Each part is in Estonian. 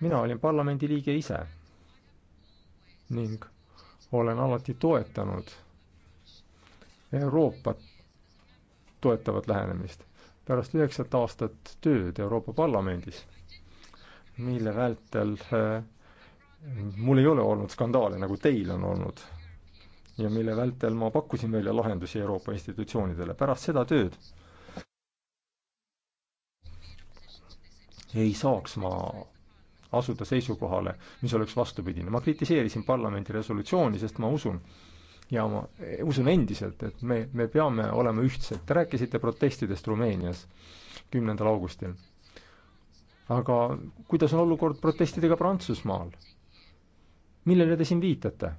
mina olin parlamendi liige ise ning olen alati toetanud Euroopat toetavat lähenemist. pärast üheksat aastat tööd Euroopa Parlamendis, mille vältel eh, mul ei ole olnud skandaale, nagu teil on olnud, ja mille vältel ma pakkusin välja lahendusi Euroopa institutsioonidele, pärast seda tööd ei saaks ma asuda seisukohale, mis oleks vastupidine. ma kritiseerisin parlamendi resolutsiooni, sest ma usun, ja ma usun endiselt, et me, me peame olema ühtsed. Te rääkisite protestidest Rumeenias kümnendal augustil. aga kuidas on olukord protestidega Prantsusmaal? millele te siin viitate?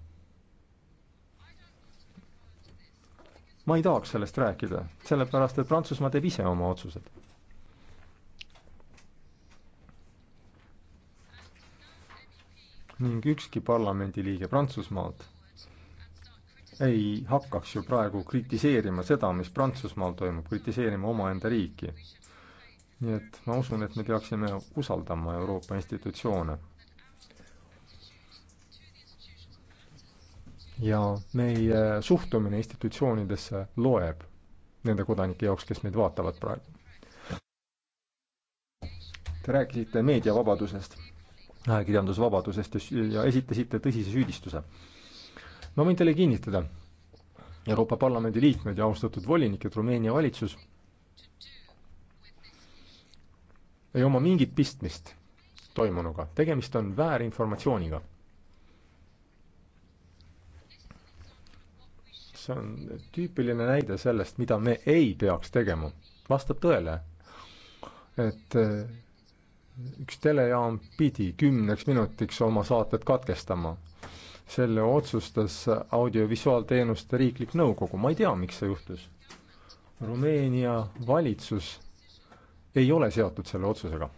ma ei tahaks sellest rääkida, sellepärast et Prantsusmaa teeb ise oma otsused ning ükski parlamendiliige Prantsusmaalt ei hakkaks ju praegu kritiseerima seda, mis Prantsusmaal toimub, kritiseerima omaenda riiki. nii et ma usun, et me peaksime usaldama Euroopa institutsioone. ja meie suhtumine institutsioonidesse loeb nende kodanike jaoks, kes meid vaatavad praegu. Te rääkisite meediavabadusest ajakirjandusvabadusest ja esitasite tõsise süüdistuse. ma võin teile kinnitada, Euroopa Parlamendi liikmed ja austatud volinik, et Rumeenia valitsus ei oma mingit pistmist toimunuga, tegemist on väärinformatsiooniga. see on tüüpiline näide sellest, mida me ei peaks tegema. vastab tõele, et üks telejaam pidi kümneks minutiks oma saated katkestama. selle otsustas audiovisuaalteenuste riiklik nõukogu, ma ei tea, miks see juhtus. Rumeenia valitsus ei ole seotud selle otsusega.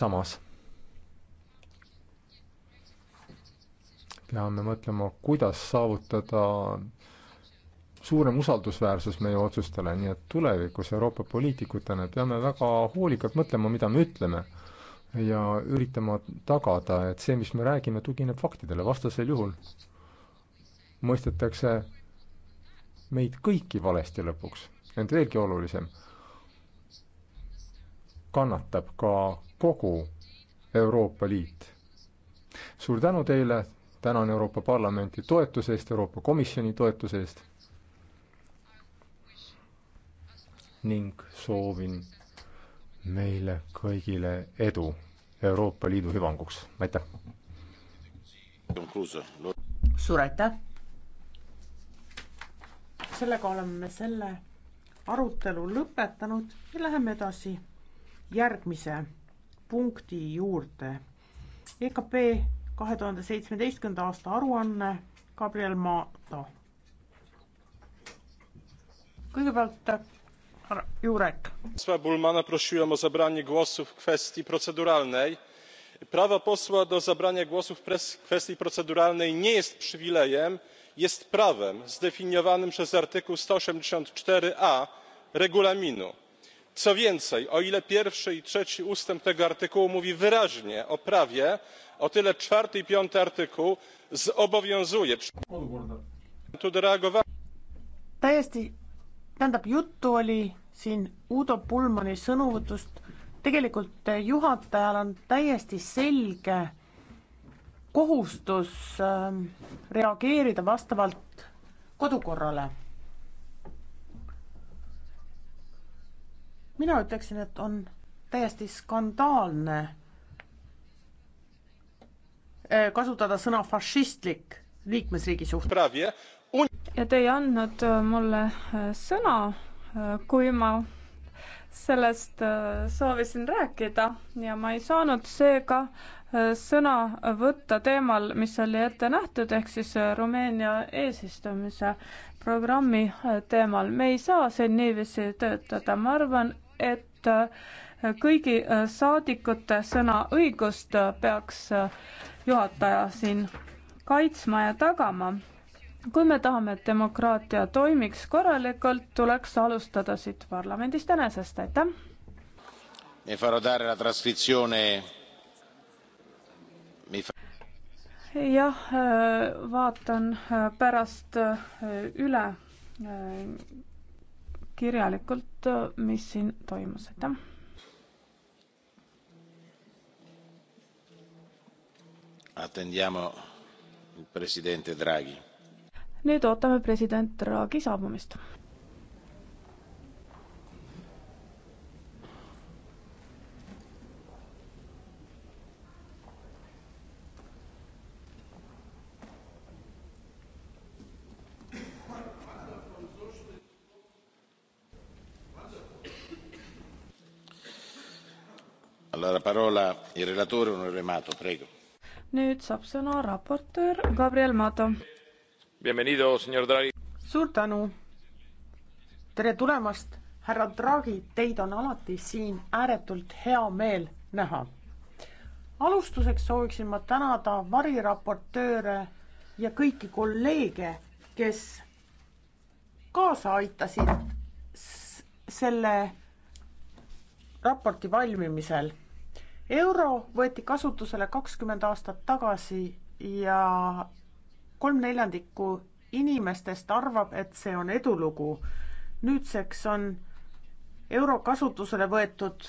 samas peame mõtlema, kuidas saavutada suurem usaldusväärsus meie otsustele, nii et tulevikus Euroopa poliitikutena peame väga hoolikalt mõtlema, mida me ütleme. ja üritama tagada, et see, mis me räägime, tugineb faktidele, vastasel juhul mõistetakse meid kõiki valesti lõpuks, ent veelgi olulisem, kannatab ka kogu Euroopa Liit. suur tänu teile, tänan Euroopa Parlamenti toetuse eest, Euroopa Komisjoni toetuse eest ning soovin meile kõigile edu Euroopa Liidu hüvanguks, aitäh! suur aitäh! sellega oleme selle arutelu lõpetanud ja läheme edasi järgmise punkti juurde. EKP kahe tuhande seitsmeteistkümnenda aasta aruanne Gabriel Mato. kõigepealt posła bullmanna prosiłem o zabranie głosu w kwestii proceduralnej. prawo posła do zabrania głosu w kwestii proceduralnej nie jest przywilejem jest prawem zdefiniowanym przez artykuł sto osiemdziesiąt cztery a regulaminu. co więcej o ile pierwszy i trzeci ustęp tego artykułu mówi wyraźnie o prawie o tyle czwarty i piąty artykuł zobowiązuje parlamentu do reagowania tähendab, juttu oli siin Udo Pulmani sõnavõtust, tegelikult juhatajal on täiesti selge kohustus ähm, reageerida vastavalt kodukorrale. mina ütleksin, et on täiesti skandaalne äh, kasutada sõna fašistlik liikmesriigi suhtes ja te ei andnud äh, mulle äh, sõna, äh, kui ma sellest soovisin rääkida ja ma ei saanud seega sõna võtta teemal, mis oli ette nähtud, ehk siis Rumeenia eesistumise programmi teemal. me ei saa siin niiviisi töötada, ma arvan, et kõigi saadikute sõnaõigust peaks juhataja siin kaitsma ja tagama kui me tahame, et demokraatia toimiks korralikult, tuleks alustada siit parlamendist enesest, aitäh. jah, äh, vaatan äh, pärast äh, üle kirjalikult, mis siin toimus, aitäh. Attendiamo il presidente Draghi nüüd ootame president Draghi saabumist. nüüd saab sõna raportöör Gabriel Mato suur tänu. tere tulemast, härra Draghi, teid on alati siin ääretult hea meel näha. alustuseks sooviksin ma tänada variraportööre ja kõiki kolleege, kes kaasa aitasid selle raporti valmimisel. euro võeti kasutusele kakskümmend aastat tagasi ja kolm neljandikku inimestest arvab, et see on edulugu. nüüdseks on euro kasutusele võetud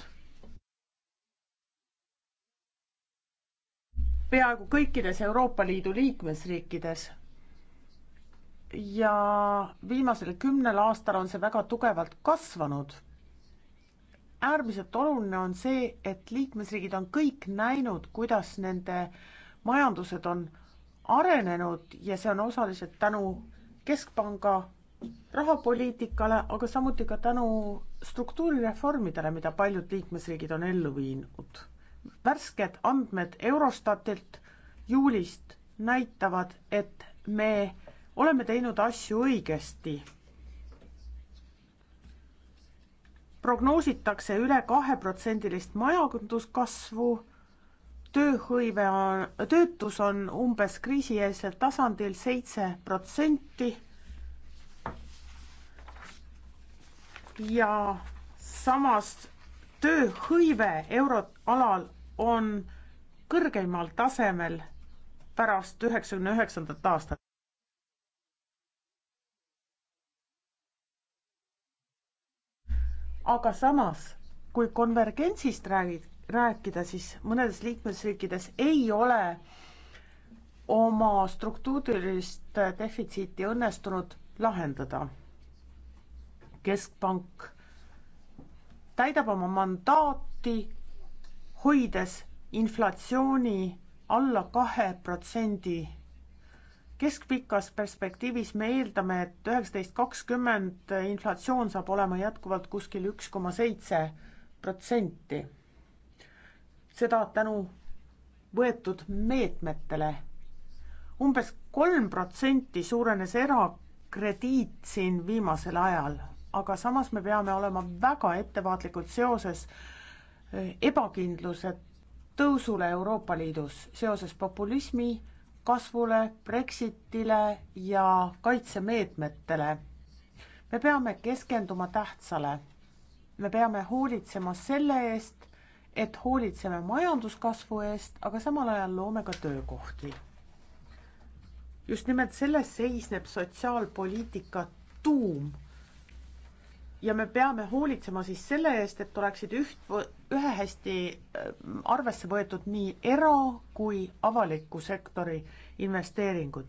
peaaegu kõikides Euroopa Liidu liikmesriikides. ja viimasel kümnel aastal on see väga tugevalt kasvanud. äärmiselt oluline on see, et liikmesriigid on kõik näinud, kuidas nende majandused on arenenud ja see on osaliselt tänu keskpanga rahapoliitikale, aga samuti ka tänu struktuurireformidele, mida paljud liikmesriigid on ellu viinud. värsked andmed Eurostatilt juulist näitavad, et me oleme teinud asju õigesti. prognoositakse üle kaheprotsendilist majanduskasvu tööhõive on, töötus on umbes kriisieelsel tasandil seitse protsenti. ja samas tööhõive euroalal on kõrgeimal tasemel pärast üheksakümne üheksandat aastat. aga samas, kui konvergentsist räägid, rääkida, siis mõnedes liikmesriikides ei ole oma struktuurilist defitsiiti õnnestunud lahendada. keskpank täidab oma mandaati, hoides inflatsiooni alla kahe protsendi keskpikas perspektiivis me eeldame, et üheksateist kakskümmend inflatsioon saab olema jätkuvalt kuskil üks koma seitse protsenti seda tänu võetud meetmetele. umbes kolm protsenti suurenes erakrediit siin viimasel ajal, aga samas me peame olema väga ettevaatlikud seoses eh, ebakindluse tõusule Euroopa Liidus, seoses populismi kasvule, Brexitile ja kaitsemeetmetele. me peame keskenduma tähtsale. me peame hoolitsema selle eest, et hoolitseme majanduskasvu eest, aga samal ajal loome ka töökohti. just nimelt selles seisneb sotsiaalpoliitika tuum. ja me peame hoolitsema siis selle eest, et oleksid üht, ühehästi äh, arvesse võetud nii era- kui avaliku sektori investeeringud.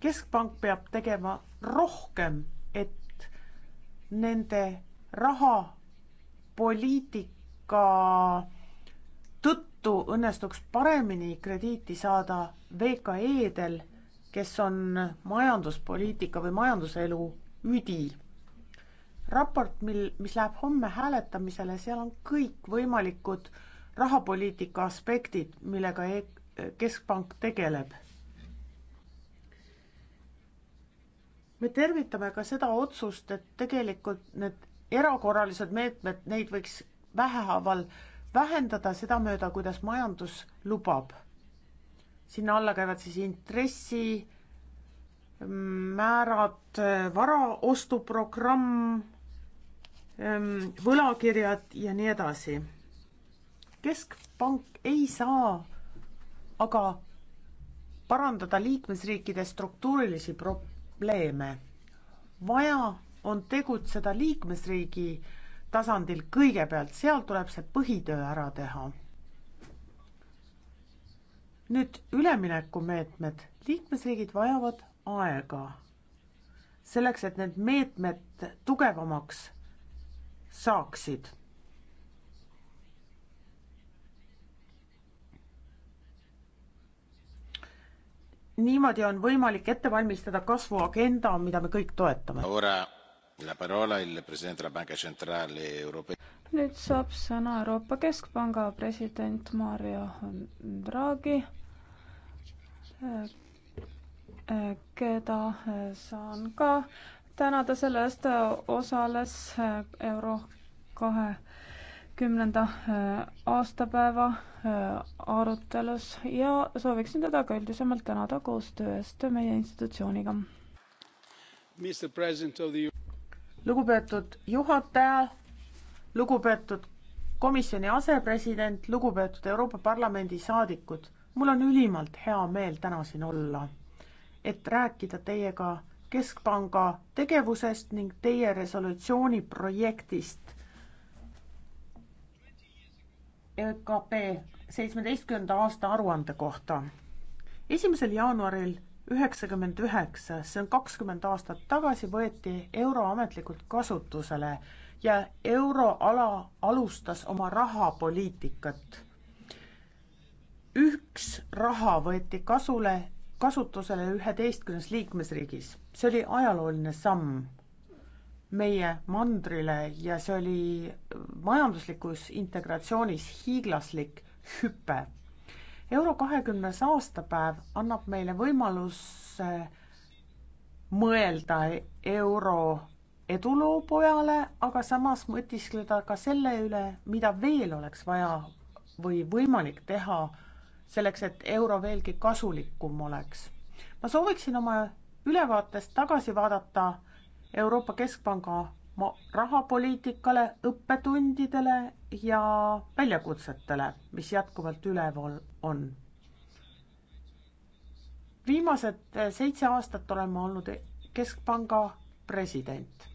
keskpank peab tegema rohkem, et nende rahapoliitika tõttu õnnestuks paremini krediiti saada VKE-del, kes on majanduspoliitika või majanduselu üdi. raport, mil, mis läheb homme hääletamisele, seal on kõikvõimalikud rahapoliitika aspektid, millega e keskpank tegeleb. me tervitame ka seda otsust, et tegelikult need erakorralised meetmed, neid võiks vähehaaval äh, vähendada sedamööda, kuidas majandus lubab. sinna alla käivad siis intressi, mm, määrad, varaostuprogramm, mm, võlakirjad ja nii edasi. keskpank ei saa aga parandada liikmesriikide struktuurilisi probleeme. vaja on tegutseda liikmesriigi tasandil kõigepealt, seal tuleb see põhitöö ära teha. nüüd üleminekumeetmed, liikmesriigid vajavad aega selleks, et need meetmed tugevamaks saaksid niimoodi on võimalik ette valmistada kasvuagenda, mida me kõik toetame nüüd saab sõna Euroopa Keskpanga president Mario Draghi, keda saan ka tänada selle eest, osales euro kahe kümnenda aastapäeva arutelus ja sooviksin teda ka üldisemalt tänada koostöö eest meie institutsiooniga lugupeetud juhataja, lugupeetud komisjoni asepresident, lugupeetud Euroopa Parlamendi saadikud, mul on ülimalt hea meel täna siin olla, et rääkida teiega Keskpanga tegevusest ning teie resolutsiooni projektist. EKP seitsmeteistkümnenda aasta aruande kohta. esimesel jaanuaril üheksakümmend üheksa, see on kakskümmend aastat tagasi, võeti euro ametlikult kasutusele ja euroala alustas oma rahapoliitikat. üks raha võeti kasule, kasutusele üheteistkümnes liikmesriigis, see oli ajalooline samm meie mandrile ja see oli majanduslikus integratsioonis hiiglaslik hüpe euro kahekümnes aastapäev annab meile võimaluse mõelda euro eduloo pojale, aga samas mõtiskleda ka selle üle, mida veel oleks vaja või võimalik teha selleks, et euro veelgi kasulikum oleks. ma sooviksin oma ülevaates tagasi vaadata Euroopa Keskpanga rahapoliitikale, õppetundidele ja väljakutsetele, mis jätkuvalt üleval on. viimased eh, seitse aastat olen ma olnud keskpanga president.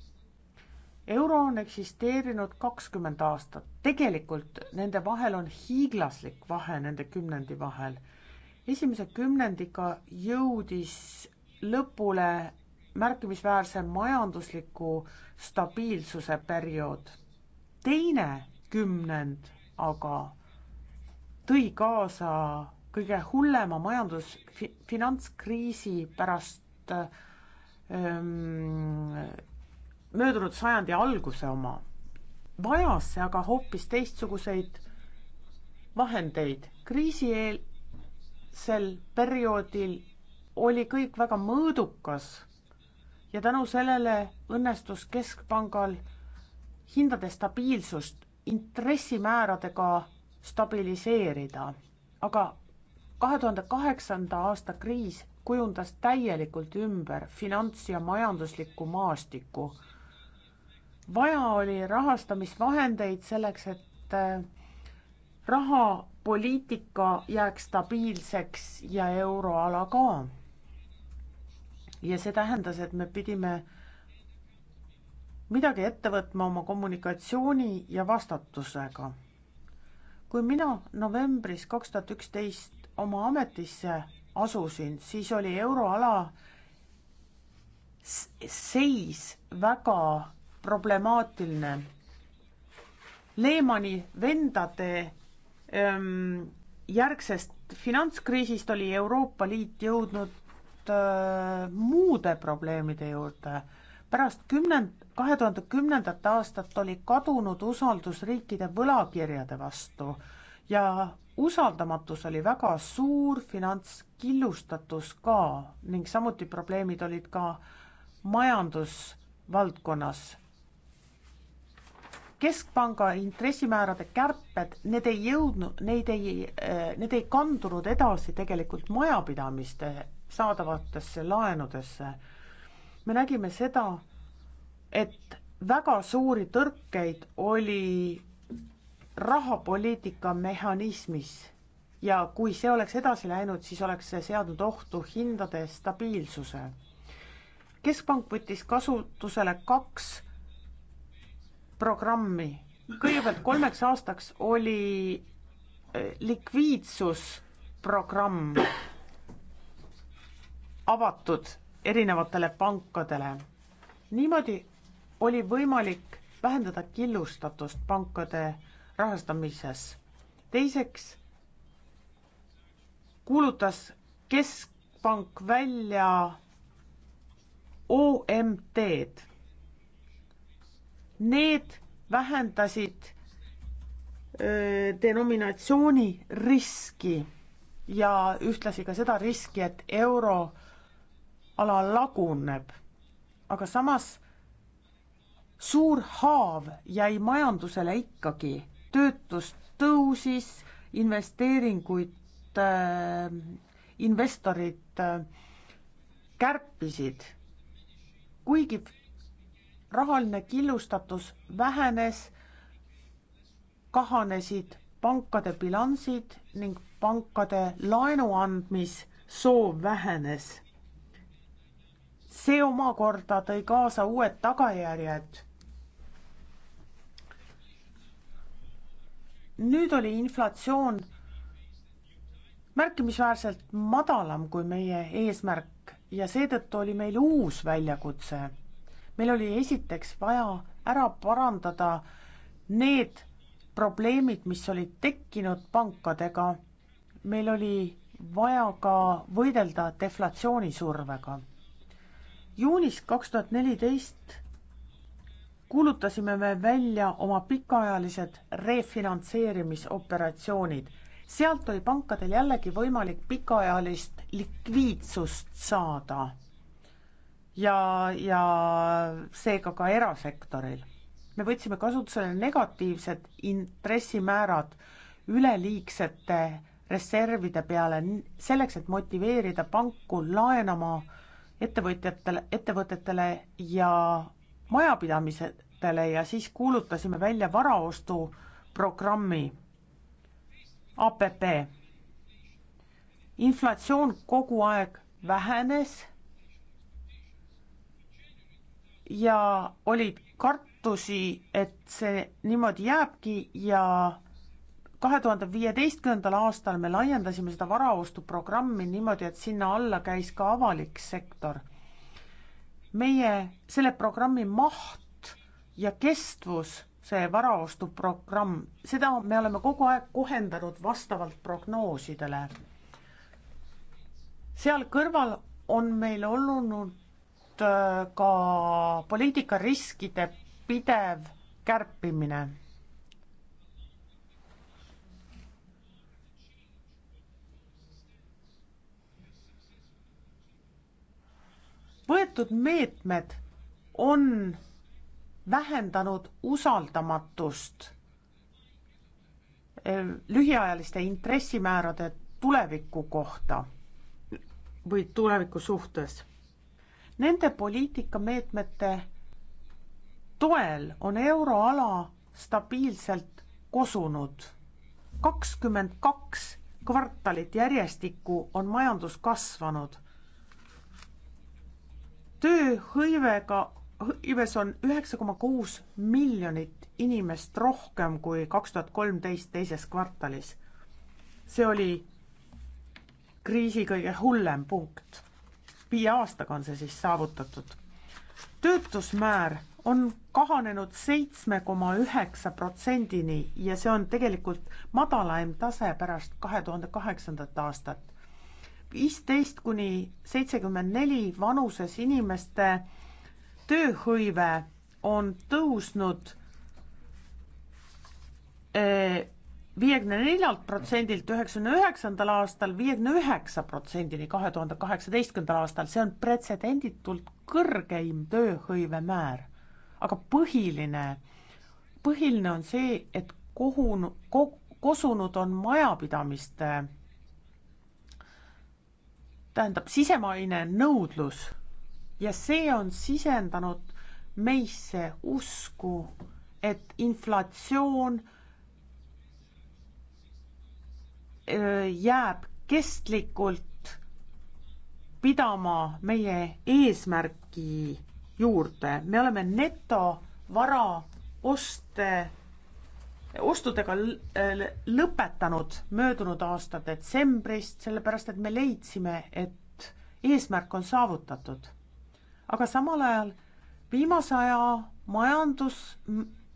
euro on eksisteerinud kakskümmend aastat, tegelikult nende vahel on hiiglaslik vahe nende kümnendi vahel. esimese kümnendiga jõudis lõpule märkimisväärse majandusliku stabiilsuse periood. teine kümnend aga tõi kaasa kõige hullema majandus fi,, finantskriisi pärast öö, ähm, möödunud sajandi alguse oma. vajas see aga hoopis teistsuguseid vahendeid. kriisieelsel perioodil oli kõik väga mõõdukas ja tänu sellele õnnestus keskpangal hindade stabiilsust intressimääradega stabiliseerida. aga kahe tuhande kaheksanda aasta kriis kujundas täielikult ümber finants- ja majanduslikku maastikku. vaja oli rahastamisvahendeid selleks, et äh, rahapoliitika jääks stabiilseks ja euroala ka ja see tähendas, et me pidime midagi ette võtma oma kommunikatsiooni ja vastatusega. kui mina novembris kaks tuhat üksteist oma ametisse asusin, siis oli euroala seis väga problemaatiline. Lehmani vendade öö, ehm, järgsest finantskriisist oli Euroopa Liit jõudnud nüüd äh, muude probleemide juurde. pärast kümnend, kahe tuhande kümnendat aastat oli kadunud usaldus riikide võlakirjade vastu ja usaldamatus oli väga suur, finantskillustatus ka ning samuti probleemid olid ka majandusvaldkonnas keskpanga intressimäärade kärped, need ei jõudnud, neid ei, äh, need ei kandunud edasi tegelikult majapidamiste saadavatesse laenudesse. me nägime seda, et väga suuri tõrkeid oli rahapoliitika mehhanismis ja kui see oleks edasi läinud, siis oleks see seadnud ohtu hindade stabiilsuse. keskpank võttis kasutusele kaks programmi. kõigepealt kolmeks aastaks oli eh, likviidsusprogramm avatud erinevatele pankadele. niimoodi oli võimalik vähendada killustatust pankade rahastamises. teiseks kuulutas keskpank välja OMT-d. Need vähendasid denominatsiooni riski ja ühtlasi ka seda riski, et euro ala laguneb, aga samas suur haav jäi majandusele ikkagi, töötus tõusis, investeeringuid äh,, investorid äh, kärpisid, kuigi rahaline killustatus vähenes, kahanesid pankade bilansid ning pankade laenu andmissoov vähenes see omakorda tõi kaasa uued tagajärjed. nüüd oli inflatsioon märkimisväärselt madalam kui meie eesmärk ja seetõttu oli meil uus väljakutse. meil oli esiteks vaja ära parandada need probleemid, mis olid tekkinud pankadega. meil oli vaja ka võidelda deflatsioonisurvega juunis kaks tuhat neliteist kuulutasime me välja oma pikaajalised refinantseerimisoperatsioonid. sealt oli pankadel jällegi võimalik pikaajalist likviidsust saada. ja, ja seega ka erasektoril. me võtsime kasutusele negatiivsed intressimäärad üleliigsete reservide peale selleks, et motiveerida panku laenama äh, ettevõtjatele, ettevõtetele ja majapidamisetele ja siis kuulutasime välja varaostuprogrammi APP. inflatsioon kogu aeg vähenes ja olid kartusi, et see niimoodi jääbki ja kahe tuhande viieteistkümnendal aastal me laiendasime seda varaostuprogrammi niimoodi, et sinna alla käis ka avalik sektor. meie, selle programmi maht ja kestvus, see varaostuprogramm, seda me oleme kogu aeg kohendanud vastavalt prognoosidele. seal kõrval on meil olnud äh, ka poliitika riskide pidev kärpimine võetud meetmed on vähendanud usaldamatust eh, lühiajaliste intressimäärade tuleviku kohta või tuleviku suhtes. Nende poliitikameetmete toel on euroala stabiilselt kosunud. kakskümmend kaks kvartalit järjestikku on majandus kasvanud tööhõivega, hõives on üheksa koma kuus miljonit inimest rohkem kui kaks tuhat kolmteist teises kvartalis. see oli kriisi kõige hullem punkt. viie aastaga on see siis saavutatud. töötusmäär on kahanenud seitsme koma üheksa protsendini ja see on tegelikult madalaim tase pärast kahe tuhande kaheksandat aastat viisteist kuni seitsekümmend neli vanuses inimeste tööhõive on tõusnud eh, viiekümne neljalt protsendilt üheksakümne üheksandal aastal viiekümne üheksa protsendini kahe tuhande kaheksateistkümnendal aastal, see on pretsedenditult kõrgeim tööhõive määr. aga põhiline, põhiline on see, et kohun- ko,, kosunud on majapidamiste tähendab sisemaine nõudlus ja see on sisendanud meisse usku, et inflatsioon äh, jääb kestlikult pidama meie eesmärki juurde, me oleme netovaraoste ostudega äh, lõpetanud möödunud aasta detsembrist, sellepärast et me leidsime, et eesmärk on saavutatud. aga samal ajal viimase aja majandus,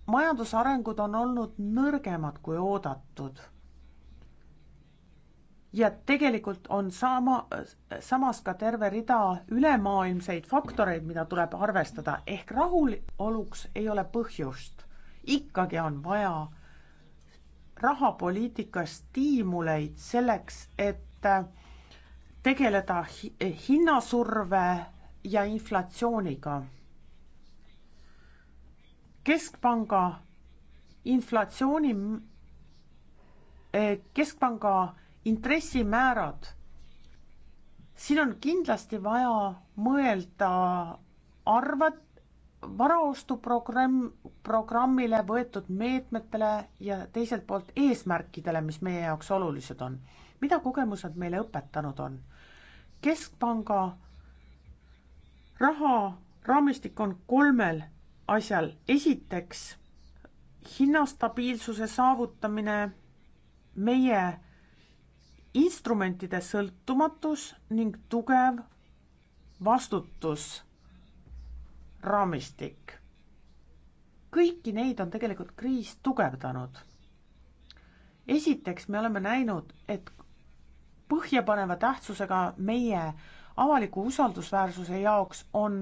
majandusarengud on olnud nõrgemad kui oodatud. ja tegelikult on sama, samas ka terve rida ülemaailmseid faktoreid, mida tuleb arvestada, ehk rahuloluks ei ole põhjust. ikkagi on vaja rahapoliitika stiimuleid selleks, et tegeleda hinnasurve ja inflatsiooniga. keskpanga inflatsiooni, eh, keskpanga intressimäärad, siin on kindlasti vaja mõelda arvet, varaostuprogramm, programmile võetud meetmetele ja teiselt poolt eesmärkidele, mis meie jaoks olulised on. mida kogemused meile õpetanud on? keskpanga raha raamistik on kolmel asjal, esiteks hinnastabiilsuse saavutamine, meie instrumentide sõltumatus ning tugev vastutus raamistik. kõiki neid on tegelikult kriis tugevdanud. esiteks me oleme näinud, et põhjapaneva tähtsusega meie avaliku usaldusväärsuse jaoks on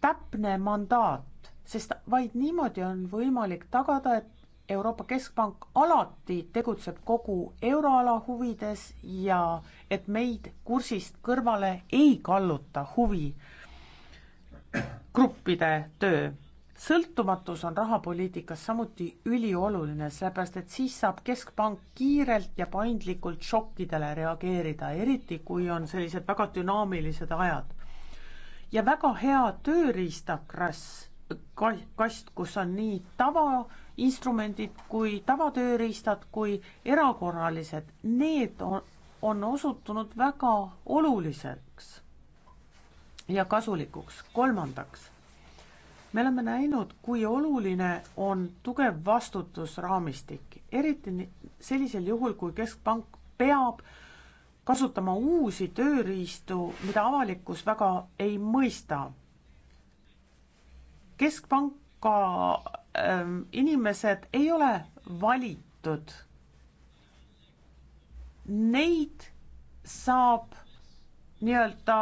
täpne mandaat, sest vaid niimoodi on võimalik tagada, et Euroopa Keskpank alati tegutseb kogu euroala huvides ja et meid kursist kõrvale ei kalluta huvi gruppide töö. sõltumatus on rahapoliitikas samuti ülioluline, sellepärast et siis saab keskpank kiirelt ja paindlikult šokkidele reageerida, eriti kui on sellised väga dünaamilised ajad. ja väga hea tööriistakrass, kast, kus on nii tavainstrumendid kui tavatööriistad kui erakorralised, need on, on osutunud väga oluliseks ja kasulikuks. kolmandaks, me oleme näinud, kui oluline on tugev vastutusraamistik, eriti sellisel juhul, kui keskpank peab kasutama uusi tööriistu, mida avalikkus väga ei mõista. keskpanka ähm, inimesed ei ole valitud. Neid saab nii-öelda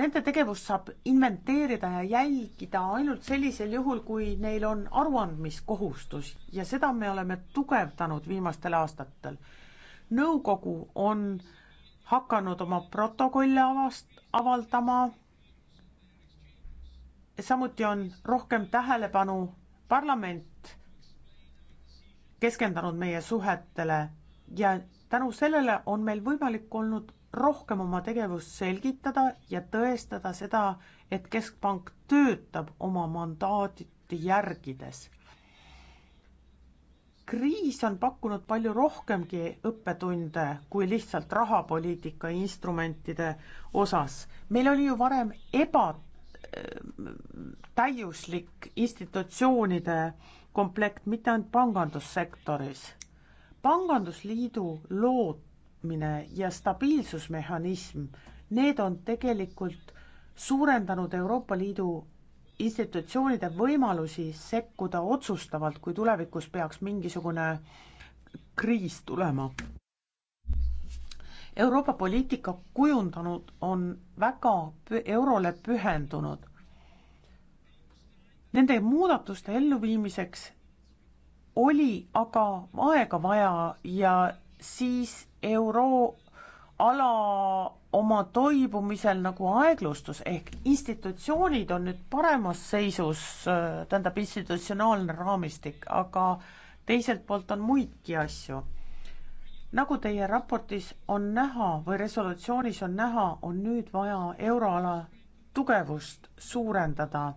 nende tegevust saab inventeerida ja jälgida ainult sellisel juhul, kui neil on aruandmiskohustus ja seda me oleme tugevdanud viimastel aastatel. nõukogu on hakanud oma protokolle avast-, avaldama, samuti on rohkem tähelepanu parlament keskendunud meie suhetele ja tänu sellele on meil võimalik olnud rohkem oma tegevust selgitada ja tõestada seda, et keskpank töötab oma mandaati järgides. kriis on pakkunud palju rohkemgi õppetunde kui lihtsalt rahapoliitika instrumentide osas. meil oli ju varem eba täiuslik institutsioonide komplekt, mitte ainult pangandussektoris. pangandusliidu lood liitumine ja stabiilsusmehhanism, need on tegelikult suurendanud Euroopa Liidu institutsioonide võimalusi sekkuda otsustavalt, kui tulevikus peaks mingisugune kriis tulema. Euroopa poliitika kujundanud on väga eurole pühendunud. Nende muudatuste elluviimiseks oli aga aega vaja ja siis euroala oma toibumisel nagu aeglustus ehk institutsioonid on nüüd paremas seisus, tähendab institutsionaalne raamistik, aga teiselt poolt on muidki asju. nagu teie raportis on näha või resolutsioonis on näha, on nüüd vaja euroala tugevust suurendada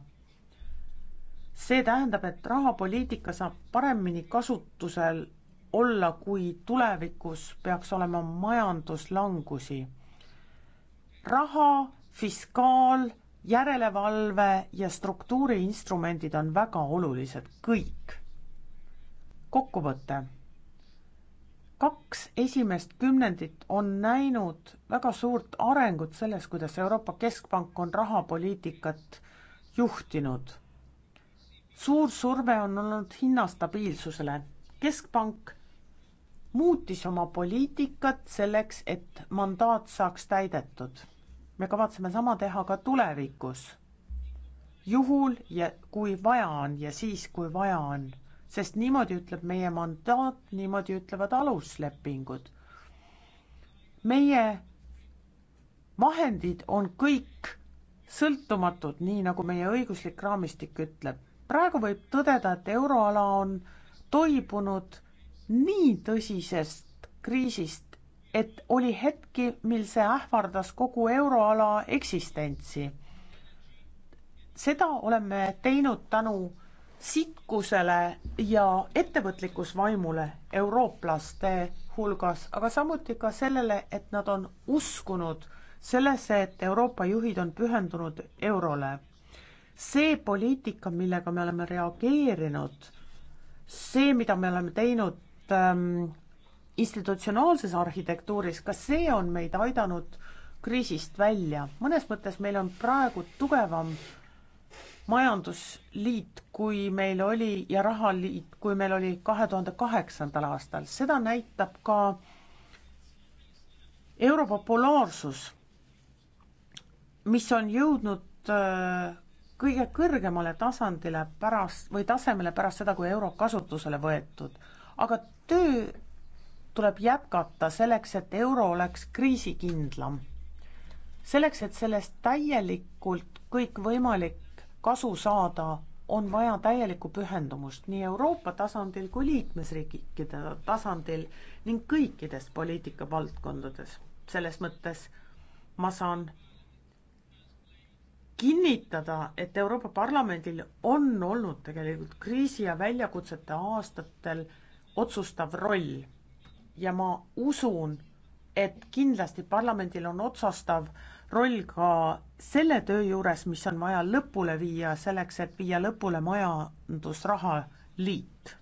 see tähendab, et rahapoliitika saab paremini kasutusel olla, kui tulevikus peaks olema majanduslangusi? raha, fiskaal, järelevalve ja struktuuriinstrumendid on väga olulised, kõik. kokkuvõte. kaks esimest kümnendit on näinud väga suurt arengut selles, kuidas Euroopa Keskpank on rahapoliitikat juhtinud. suur surve on olnud hinnastabiilsusele. keskpank muutis oma poliitikat selleks, et mandaat saaks täidetud. me kavatseme sama teha ka tulevikus. juhul ja kui vaja on ja siis, kui vaja on, sest niimoodi ütleb meie mandaat, niimoodi ütlevad aluslepingud. meie vahendid on kõik sõltumatud, nii nagu meie õiguslik raamistik ütleb. praegu võib tõdeda, et euroala on toibunud nii tõsisest kriisist, et oli hetki, mil see ähvardas kogu euroala eksistentsi. seda oleme teinud tänu sitkusele ja ettevõtlikkusvaimule eurooplaste hulgas, aga samuti ka sellele, et nad on uskunud sellesse, et Euroopa juhid on pühendunud eurole. see poliitika, millega me oleme reageerinud, see, mida me oleme teinud ähm, institutsionaalses arhitektuuris, kas see on meid aidanud kriisist välja? mõnes mõttes meil on praegu tugevam majandusliit, kui meil oli, ja rahaliit, kui meil oli kahe tuhande kaheksandal aastal, seda näitab ka euro populaarsus, mis on jõudnud äh, kõige kõrgemale tasandile pärast või tasemele pärast seda, kui euro kasutusele võetud, aga töö tuleb jätkata selleks, et euro oleks kriisikindlam. selleks, et sellest täielikult kõikvõimalik kasu saada, on vaja täielikku pühendumust nii Euroopa tasandil kui liikmesriikide tasandil ning kõikides poliitikavaldkondades. selles mõttes ma saan kinnitada, et Euroopa Parlamendil on olnud tegelikult kriisi ja väljakutsete aastatel äh, otsustav roll ja ma usun, et kindlasti parlamendil on otsustav roll ka selle töö juures, mis on vaja lõpule viia selleks, et viia lõpule majandusraha liit.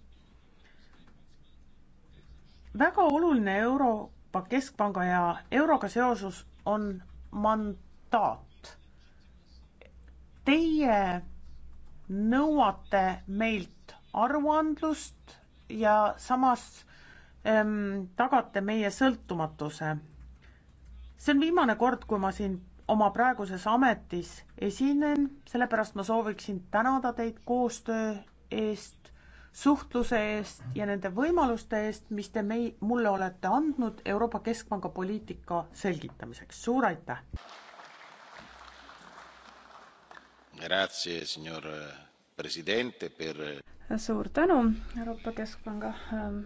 väga oluline Euroopa Keskpanga ja euroga seoses on mandaat. Teie nõuate meilt aruandlust ja samas ähm, tagate meie sõltumatuse. see on viimane kord, kui ma siin oma praeguses ametis esinen, sellepärast ma sooviksin tänada teid koostöö eest, suhtluse eest ja nende võimaluste eest, mis te mei-, mulle olete andnud Euroopa Keskpanga poliitika selgitamiseks, suur aitäh! Grazie, signor presidente per. suur tänu, Euroopa Keskpanga ähm,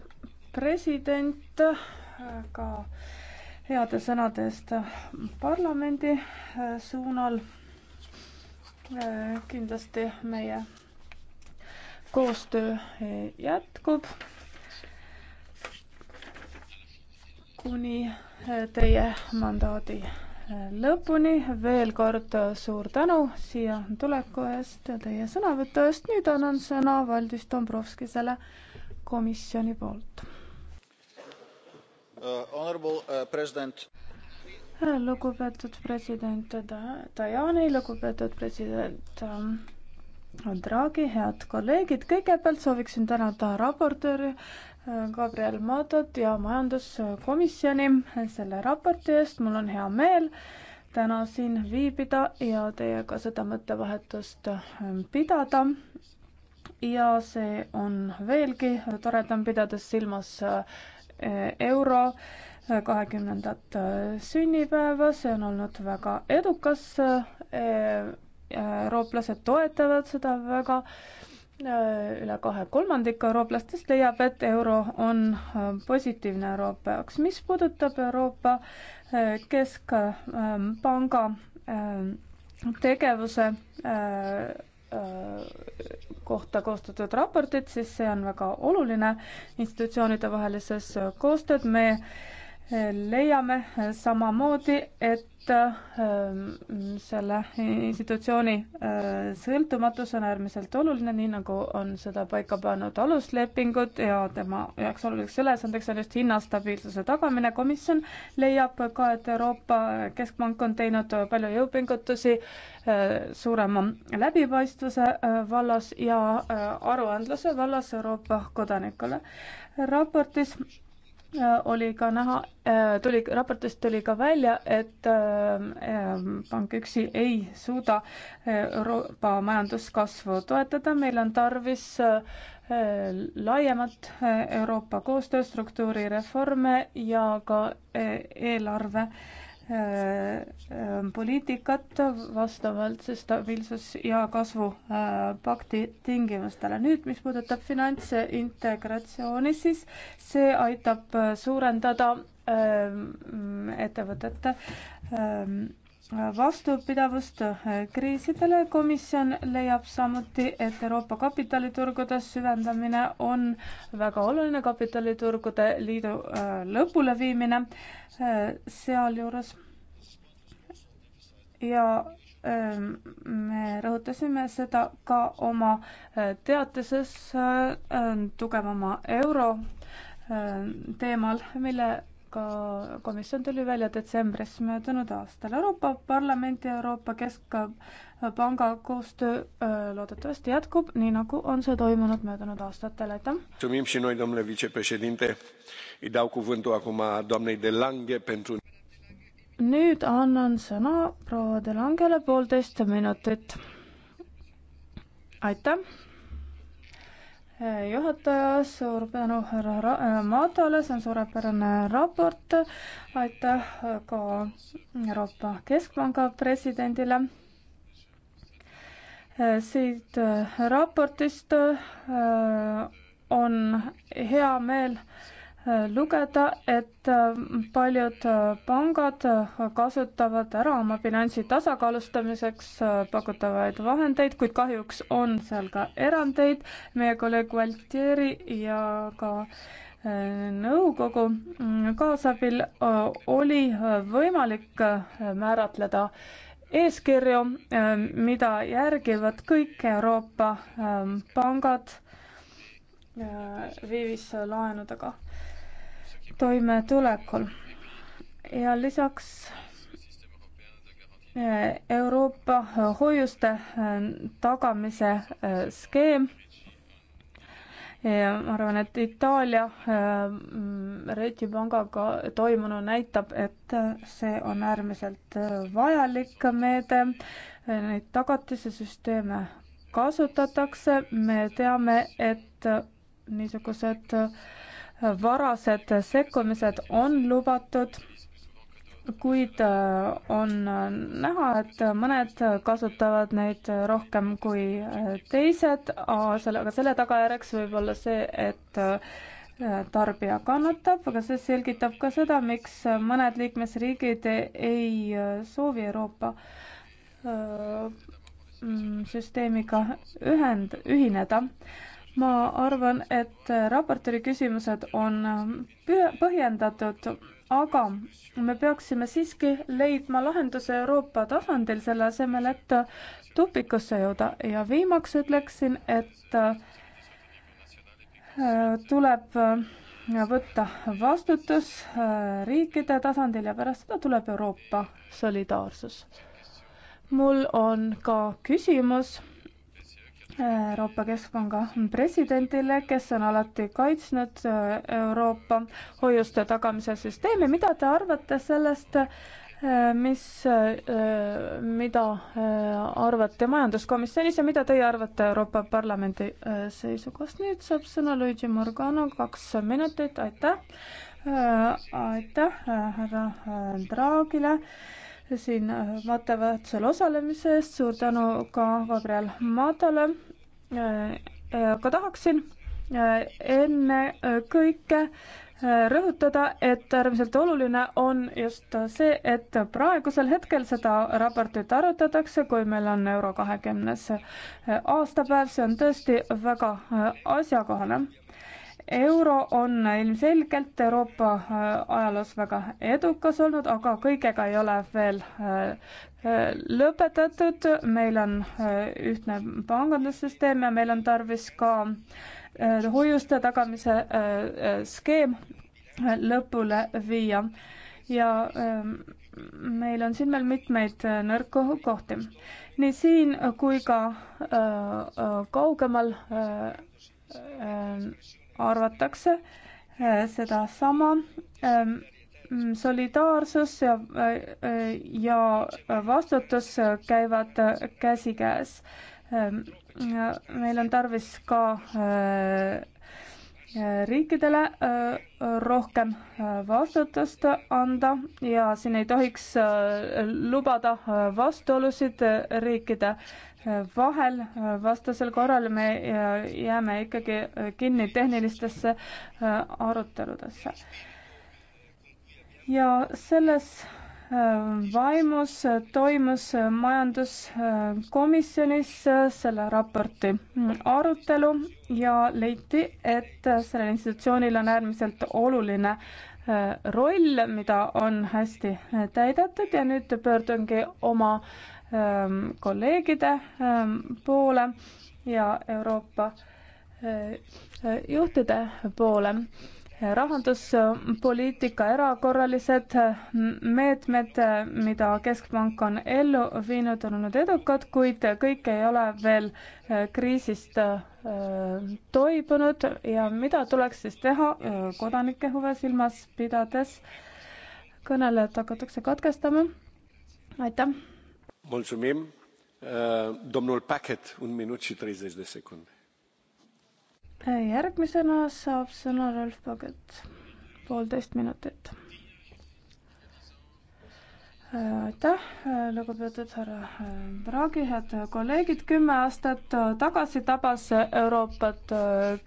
president, äh, ka heade sõnade eest äh, parlamendi äh, suunal. kindlasti meie koostöö jätkub kuni teie mandaadi lõpuni. veel kord suur tänu siia tuleku eest ja teie sõnavõtu eest. nüüd annan sõna Valdis Dombrovskisele komisjoni poolt uh,. uh, uh lugupeetud president Tajani, lugupeetud president um, Draghi, head kolleegid, kõigepealt sooviksin tänada raportööri Gabriel Matot ja majanduskomisjoni selle raporti eest. mul on hea meel täna siin viibida ja teiega seda mõttevahetust ähm, pidada. ja see on veelgi toredam, pidades silmas äh, euro äh, kahekümnendat äh, sünnipäeva, see on olnud väga edukas. eurooplased toetavad seda väga Äh, üle kahe kolmandiku eurooplastest leiab, et euro on äh, positiivne Euroopa jaoks. mis puudutab Euroopa äh, Keskpanga ähm, ähm, tegevuse kohta koostatud raportit, siis see on väga oluline institutsioonide vahelises koostööd. me leiame samamoodi, et ähm, selle institutsiooni äh, sõltumatus on äärmiselt oluline, nii nagu on seda paika pannud aluslepingud ja tema üheks oluliseks ülesandeks on just hinnastabiilsuse tagamine. komisjon leiab ka, et Euroopa Keskpank on teinud palju jõupingutusi äh, suurema läbipaistvuse äh, vallas ja aruandluse vallas Euroopa kodanikule. raportis oli ka näha, äh, tuli, raportist tuli ka välja, et äh, äh, pank üksi ei suuda Euroopa majanduskasvu toetada, meil on tarvis laiemat Euroopa koostööstruktuuri reforme ja ka eelarve Äh, äh, poliitikat vastavalt siis stabiilsus- ja kasvupakti tingimustele. nüüd, mis puudutab finantsintegratsiooni, siis see aitab suurendada ähm, ettevõtete ähm, vastupidavust äh, kriisidele. komisjon leiab samuti, et Euroopa kapitaliturgude süvendamine on väga oluline kapitaliturgude liidu äh, lõpuleviimine äh, sealjuures. ja ähm, me rõhutasime seda ka oma teatises tugevama euro teemal, mille ka komisjon tuli välja detsembris möödunud aastal. Euroopa Parlamenti ja Euroopa Keskpanga koostöö äh, loodetavasti jätkub, nii nagu on see toimunud möödunud aastatel, aitäh. Mulțumim și noi, domnule vicepreședinte. Îi dau cuvântul acum doamnei de Lange pentru nüüd annan sõna proua De Langele poolteist minutit. aitäh juhataja, suur tänu härra äh, Madale, see on suurepärane raport. aitäh ka Euroopa Keskpanga presidendile. Äh, siit äh, raportist on hea meel äh, lugeda, et äh, paljud äh, pangad äh, kasutavad ära oma bilansi tasakaalustamiseks pakutavaid vahendeid, kuid kahjuks on seal ka erandeid. meie kolleeg Valtieri ja ka nõukogu mm, kaasabil oli võimalik määratleda eeskirju, mida järgivad kõik Euroopa pangad viivislaenudega toimetulekul ja lisaks eh, Euroopa hoiuste eh, tagamise eh, skeem ja ma arvan, et Itaalia Reti pangaga toimunu näitab, et see on äärmiselt vajalik meede. Neid tagatise süsteeme kasutatakse, me teame, et niisugused äh, varased sekkumised on lubatud, kuid äh, on äh, näha, et mõned kasutavad neid rohkem kui äh, teised, aga selle tagajärjeks võib olla see, et tarbija kannatab, aga see selgitab ka seda, miks mõned liikmesriigid ei soovi Euroopa mm, süsteemiga ühend, ühineda ma arvan, et raportööri küsimused on ähm, põhjendatud, aga me peaksime siiski leidma lahenduse Euroopa tasandil, selle asemel, et äh, tupikusse jõuda ja viimaks ütleksin, et äh, tuleb äh, võtta vastutus riikide tasandil ja pärast seda tuleb Euroopa solidaarsus. mul on ka küsimus Euroopa Keskpanga presidendile, kes on alati kaitsnud äh, Euroopa hoiuste tagamise süsteemi. mida te arvate sellest, äh, mis, äh, mida arvate majanduskomisjonis ja mida teie arvate Euroopa Parlamendi seisukohast? nüüd saab sõna Luigi Morgano, kaks minutit, aitäh. aitäh härra Draagile siin äh, mõttevahetusel osalemise eest, suur tänu ka Gabriel Madale. Äh, äh, aga tahaksin enne kõike rõhutada, et äärmiselt oluline on just see, et praegusel hetkel seda raportit arutatakse, kui meil on euro kahekümnes aastapäev, see on tõesti väga asjakohane euro on ilmselgelt Euroopa äh, ajaloos väga edukas olnud, aga kõigega ei ole veel äh, äh, lõpetatud, meil on ühtne pangandussüsteem ja meil on tarvis ka hoiuste tagamise skeem lõpule viia ja meil on siin veel mitmeid nõrku kohti. nii siin kui ka kaugemal arvatakse äh, sedasama ähm, solidaarsus ja, äh, ja vastutus käivad käsikäes. Ähm, meil on tarvis ka äh, riikidele rohkem vastutust anda ja siin ei tohiks lubada vastuolusid riikide vahel, vastasel korral me äh, jääme ikkagi äh, kinni tehnilistesse äh, aruteludesse. ja selles vaimus toimus majanduskomisjonis selle raporti mm, arutelu ja leiti, et sellel institutsioonil on äärmiselt oluline roll, mida on hästi täidetud ja nüüd pöördungi oma Ähm, kolleegide ähm, poole ja Euroopa äh, juhtide poole. rahanduspoliitika erakorralised äh, meetmed, äh, mida Keskpank on ellu viinud, on olnud edukad, kuid kõik ei ole veel kriisist toibunud ja mida tuleks siis teha kodanike huve silmas pidades. kõnelejat hakatakse katkestama. aitäh Mulțumim. Uh, domnul Paket, un minut și 30 de secunde. järgmisena saab sõna Ralf Paget, poolteist minutit aitäh, lugupeetud härra äh, Draghi, head kolleegid, kümme aastat äh, tagasi tabas äh, Euroopat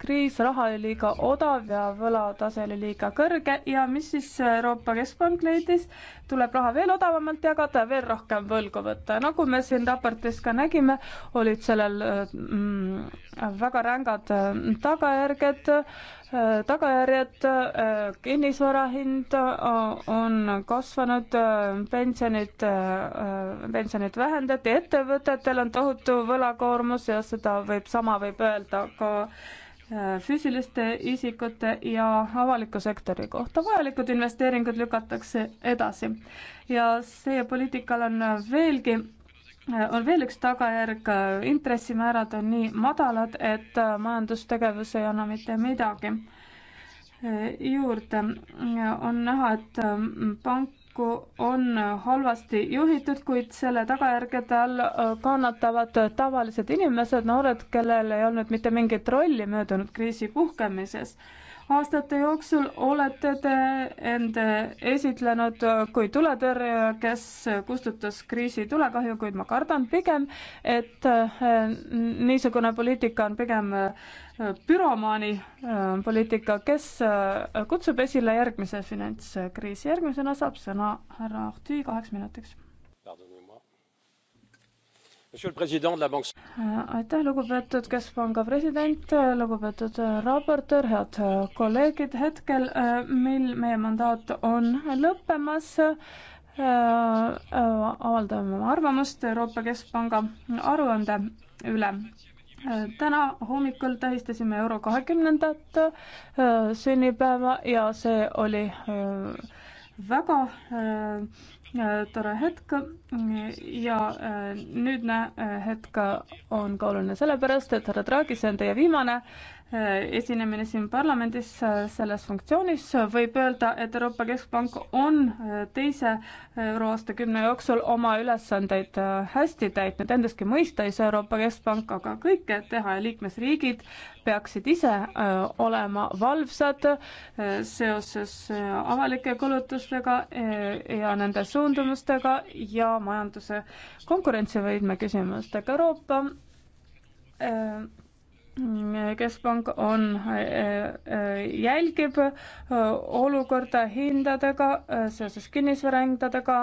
kriis, raha oli liiga odav ja võlatase oli liiga kõrge ja mis siis Euroopa Keskpank leidis? tuleb raha veel odavamalt jagada ja veel rohkem võlgu võtta, nagu me siin raportis ka nägime, olid sellel mm, väga rängad tagajärged Äh, tagajärjed, äh, kinnisvara hind äh, on kasvanud, pensionid, pensionid vähendati, ettevõtetel on tohutu võlakoormus ja seda võib, sama võib öelda ka füüsiliste isikute ja avaliku sektori kohta vajalikud investeeringud lükatakse edasi. ja see poliitikal on veelgi Äh, on veel üks tagajärg, äh, intressimäärad on nii madalad, et äh, majandustegevus ei anna mitte midagi juurde. on näha, et panku on halvasti juhitud, kuid selle tagajärgede all kannatavad tavalised inimesed, noored, kellel ei olnud mitte mingit rolli möödunud kriisi puhkemises aastate jooksul olete te end esitlenud kui tuletõrjuja, kes kustutas kriisi tulekahju, kuid ma kardan pigem, et eh, niisugune poliitika on pigem büromaani eh, eh, poliitika, kes kutsub esile järgmise finantskriisi. järgmisena saab sõna härra Ahti kaheks minutiks Äh, aitäh, lugupeetud Keskpanga president, lugupeetud äh, raportöör, head äh, kolleegid, hetkel, mil meie mandaat on lõppemas, avaldame oma arvamust Euroopa Keskpanga aruande üle täna hommikul tähistasime euro kahekümnendat sünnipäeva ja see oli väga Äh, tore hetk ja äh, nüüdne äh, hetk on ka oluline sellepärast, et härra Draghi, see on teie viimane Äh, esinemine siin parlamendis äh, selles funktsioonis, võib öelda, et Euroopa Keskpank on äh, teise euroaastakümne jooksul oma ülesandeid hästi täitnud, endastki mõista ei saa Euroopa Keskpank aga kõike teha ja liikmesriigid peaksid ise olema valvsad seoses avalike kulutustega ja nende suundumustega ja majanduse konkurentsivõime küsimustega. Euroopa keskpank on, äh, äh, jälgib äh, olukorda hindadega seoses kinnisvarahindadega,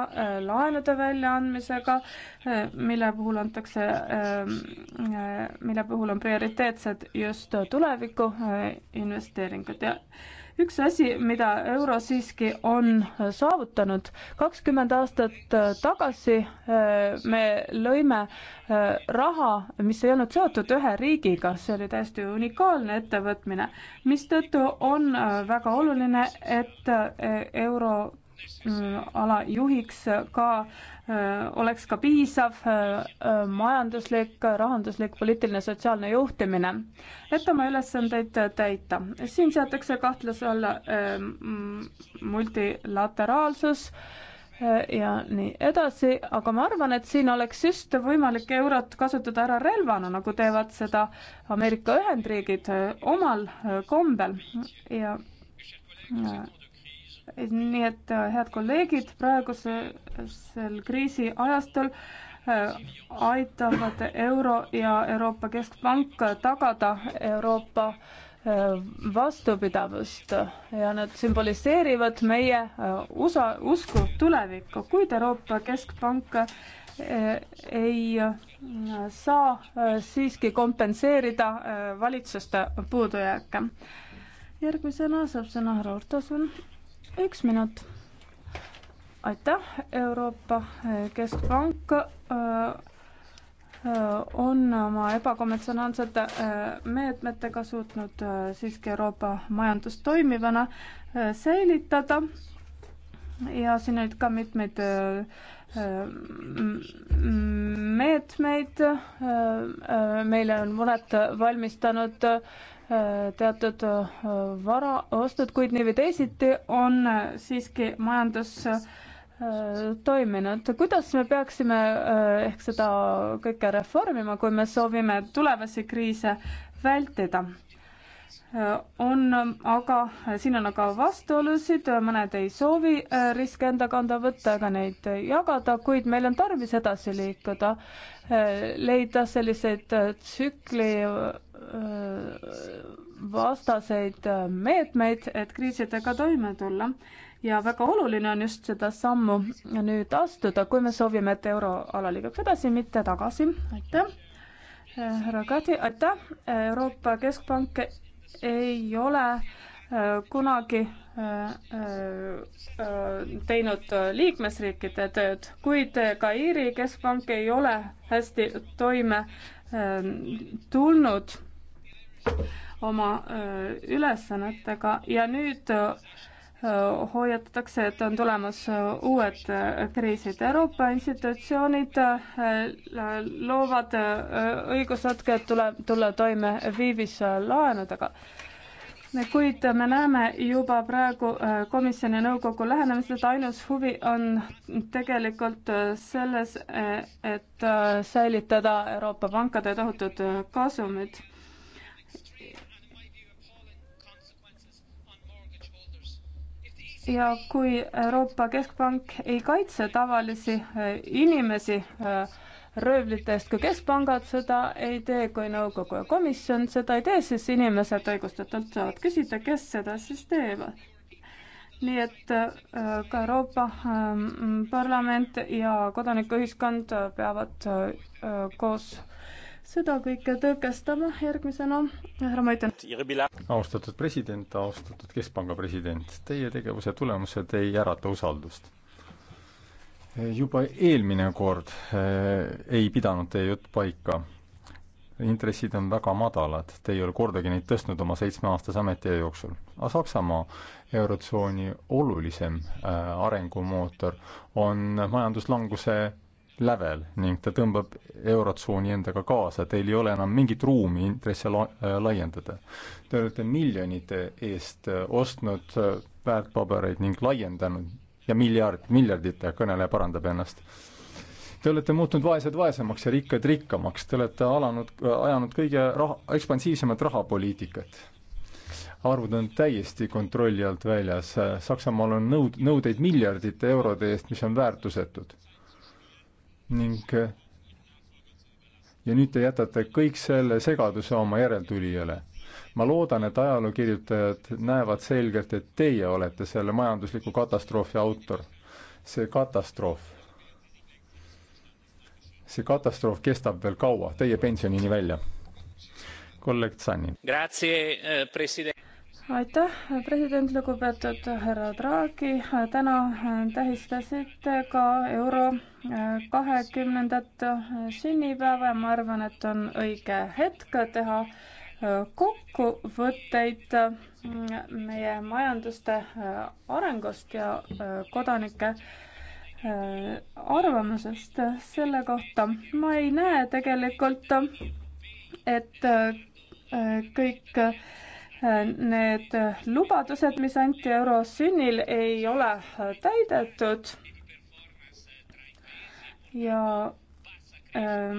laenude väljaandmisega, mille puhul antakse, ähm, mille puhul on prioriteetsed just tuleviku investeeringud ja üks asi, mida euro siiski on saavutanud, kakskümmend aastat äh, tagasi äh, me lõime äh, raha, mis ei olnud seotud ühe riigiga, see oli täiesti unikaalne ettevõtmine, mistõttu on väga oluline, et euro Mm, ala juhiks ka, äh, oleks ka piisav äh, majanduslik, rahanduslik, poliitiline, sotsiaalne juhtimine, et oma ülesandeid täita. siin seatakse kahtluse alla äh, multilateraalsus ja nii edasi, aga ma arvan, et siin oleks just võimalik eurot kasutada ära relvana, nagu teevad seda Ameerika Ühendriigid omal kombel ja, ja nii et äh, head kolleegid, praegusel kriisi ajastul äh, aitavad Euro ja Euroopa Keskpank tagada Euroopa äh, vastupidavust ja nad sümboliseerivad meie usa, usku tulevikku, kuid Euroopa Keskpank ei saa siiski kompenseerida valitsuste puudujääke. järgmisena saab sõna härra Ortoson üks minut. aitäh, Euroopa Keskpank äh, äh, on oma ebakonventsionaalsete äh, meetmetega suutnud siiski Euroopa majandust toimivana säilitada ja siin olid ka mitmeid meetmeid, meile on muret valmistanud teatud äh, varaostud, kuid nii või teisiti on äh, siiski majandus äh, toiminud, kuidas me peaksime ehk seda kõike reformima, kui me soovime tulevasi kriise vältida? on aga, siin on aga vastuolusid, mõned ei soovi riske enda kanda võtta ega neid jagada, kuid meil on tarvis edasi liikuda, leida selliseid tsükli Äh, vastaseid äh, meetmeid, et kriisidega toime tulla. ja väga oluline on just seda sammu nüüd astuda, kui me soovime, et euroala liigub edasi, mitte tagasi. aitäh, äh, härra Kadi, aitäh. Euroopa Keskpank ei ole kunagi teinud liikmesriikide tööd, kuid ka Iiri keskpank ei ole hästi toime tulnud oma ülesannetega ja nüüd hoiatatakse, et on tulemas uued kriisid. Euroopa institutsioonid loovad õigushetked tule, tulla toime viivis laenudega. kuid me näeme juba praegu komisjoni ja nõukogu lähenemist, et ainus huvi on tegelikult selles, e, et säilitada Euroopa pankade tohutud kasumid ja kui Euroopa Keskpank ei kaitse tavalisi äh, inimesi äh, röövlite eest, kui keskpangad seda ei tee, kui nõukogu ja komisjon seda ei tee, siis inimesed õigustatult saavad küsida, kes seda siis teevad. nii et äh, ka Euroopa ähm, Parlament ja kodanikuühiskond peavad koos seda kõike tõkestama järgmisena härra Maiten. austatud president, austatud Keskpanga president, teie tegevuse tulemused ei ärata usaldust. juba eelmine kord eh, ei pidanud teie jutt paika. intressid on väga madalad, te ei ole kordagi neid tõstnud oma seitsmeaastase ametiaja jooksul. aga Saksamaa, eurotsooni olulisem eh, arengumootor, on majanduslanguse lävel ning ta tõmbab eurotsooni endaga kaasa, teil ei ole enam mingit ruumi intresse la-, äh, laiendada. Te olete miljonite eest äh, ostnud äh, väärtpabereid ning laiendanud ja miljard, miljardite, kõneleja parandab ennast. Te olete muutnud vaesed vaesemaks ja rikkad rikkamaks, te olete alanud, ajanud kõige raha, ekspansiivsemat rahapoliitikat arvud on täiesti kontrolli alt väljas. Saksamaal on nõud, nõudeid miljardite eurode eest, mis on väärtusetud ning ja nüüd te jätate kõik selle segaduse oma järeltulijale. ma loodan, et ajalookirjutajad näevad selgelt, et teie olete selle majandusliku katastroofi autor. see katastroof, see katastroof kestab veel kaua, teie pensionini välja. kolleeg Tsanni aitäh, president, lugupeetud härra Draghi, täna äh, tähistasite ka euro äh, kahekümnendat äh, sünnipäeva ja ma arvan, et on õige hetk teha kokkuvõtteid meie majanduste arengust ja kodanike arvamusest selle kohta. ma ei näe tegelikult, et kõik Need lubadused, mis anti euro sünnil, ei ole täidetud. ja ähm,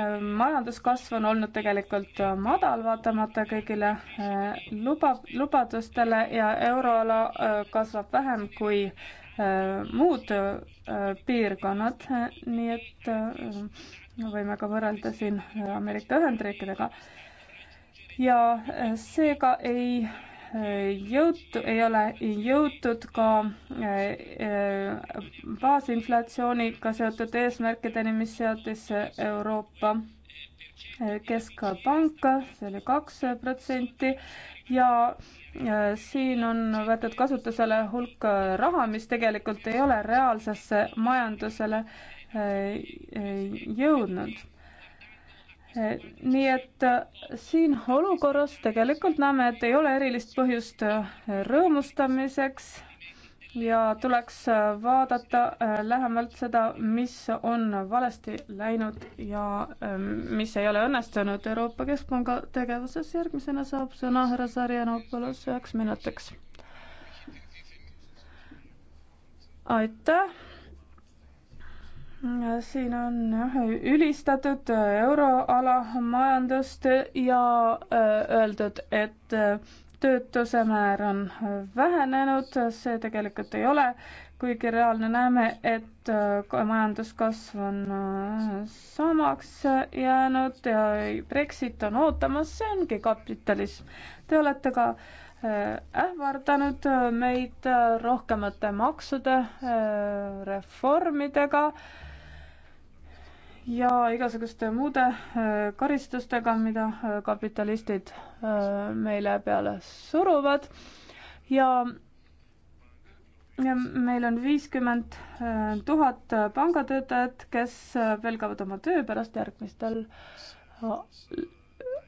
ähm, majanduskasv on olnud tegelikult madal, vaatamata kõigile äh, luba, lubadustele ja euroala äh, kasvab vähem kui äh, muud piirkonnad, nii et võime ka võrrelda siin Ameerika Ühendriikidega ja äh, seega ei äh, jõutu, ei ole jõutud ka äh, baasinflatsiooniga seotud eesmärkideni, mis seadis Euroopa Keskpank, see oli kaks protsenti ja siin on võetud kasutusele hulk raha, mis tegelikult ei ole reaalsesse majandusele jõudnud nii et äh, siin olukorras tegelikult näeme, et ei ole erilist põhjust äh, rõõmustamiseks ja tuleks äh, vaadata lähemalt seda, mis on valesti läinud ja ähm, mis ei ole õnnestunud Euroopa Keskpanga tegevuses. järgmisena saab sõna härra Sarjanopoulos üheks minutiks. aitäh siin on jah ülistatud äh, euroala majandust ja äh, öeldud, et äh, töötuse määr on vähenenud, see tegelikult ei ole kuigi reaalne, näeme, et majanduskasv on samaks jäänud ja Brexit on ootamas, see ongi kapitalism. Te olete ka ähvardanud meid rohkemate maksude reformidega äh, ja igasuguste muude äh, karistustega, mida äh, kapitalistid äh, meile peale suruvad ja meil on viiskümmend tuhat pangatöötajat, kes pelgavad oma töö pärast järgmistel